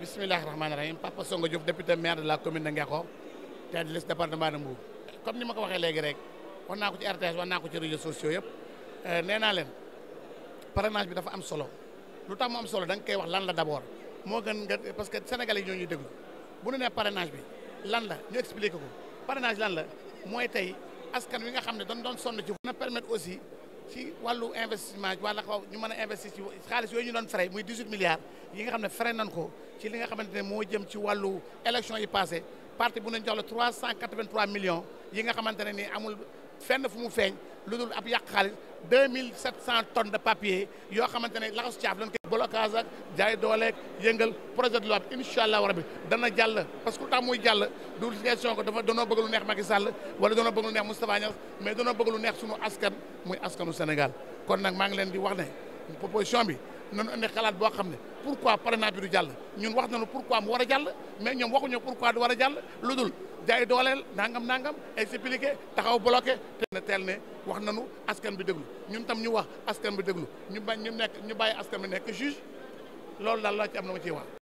bismillahi rahmaani rahim Papa Songo Diop député maire de la commune de Ngeko tête de liste département de Mbour comme ni ma ko waxee léegi rek wax naa ko ci wax naa ko ci sociaux yëpp euh, nee leen parrainage bi dafa am solo lu tax mu am solo danga nga koy wax lan la d'abord moo gën nga parce que sénégalais yi ñoo ñuy déglu bu ñu bi lan la ñu expliqué ko parrainage lan la mooy tey askan wi nga xam ne dañ doon sonn ci. na permettre aussi. ci walu investissement wala xaw ñu mëna investir ci xaalis yooyu ñu don frais muy 18 milliards yi nga xam ne frais nañ ko ci li nga xamantene mo jëm ci walu élection yi passé parti bu ñu jox 383 millions yi nga xamantene ni amul fenn fu mu feñ lu dul ab yàq xaalis deux mille sept cent tonnes de papier yoo xamante ne laxasu caaf lañ koy blocage ak jaay dooleeg yëngal projet de loi bi incha war bi dana jàll parce que lu tax muy jàll du question ko dafa danoo bëgg lu neex Macky Sall wala danoo bëgg lu neex Moustapha Niass mais danoo bëgg lu neex sunu askan muy askanu Sénégal kon nag maa ngi leen di wax ne proposition bi nañu indi xalaat boo xam ne pourquoi parrainage bi du jàll ñun wax nañu pourquoi mu war a jàll mais ñoom waxuñu pourquoi du war a jàll lu dul jaay dooleel nangam nangam expliqué taxaw bloqué te ne teel ne wax nanu askan bi déglu ñun tam ñu wax askan bi déglu ñu bañ ñu nekk ñu bàyyi askan bi nekk juge loolu daal laa ci am na ma ci wax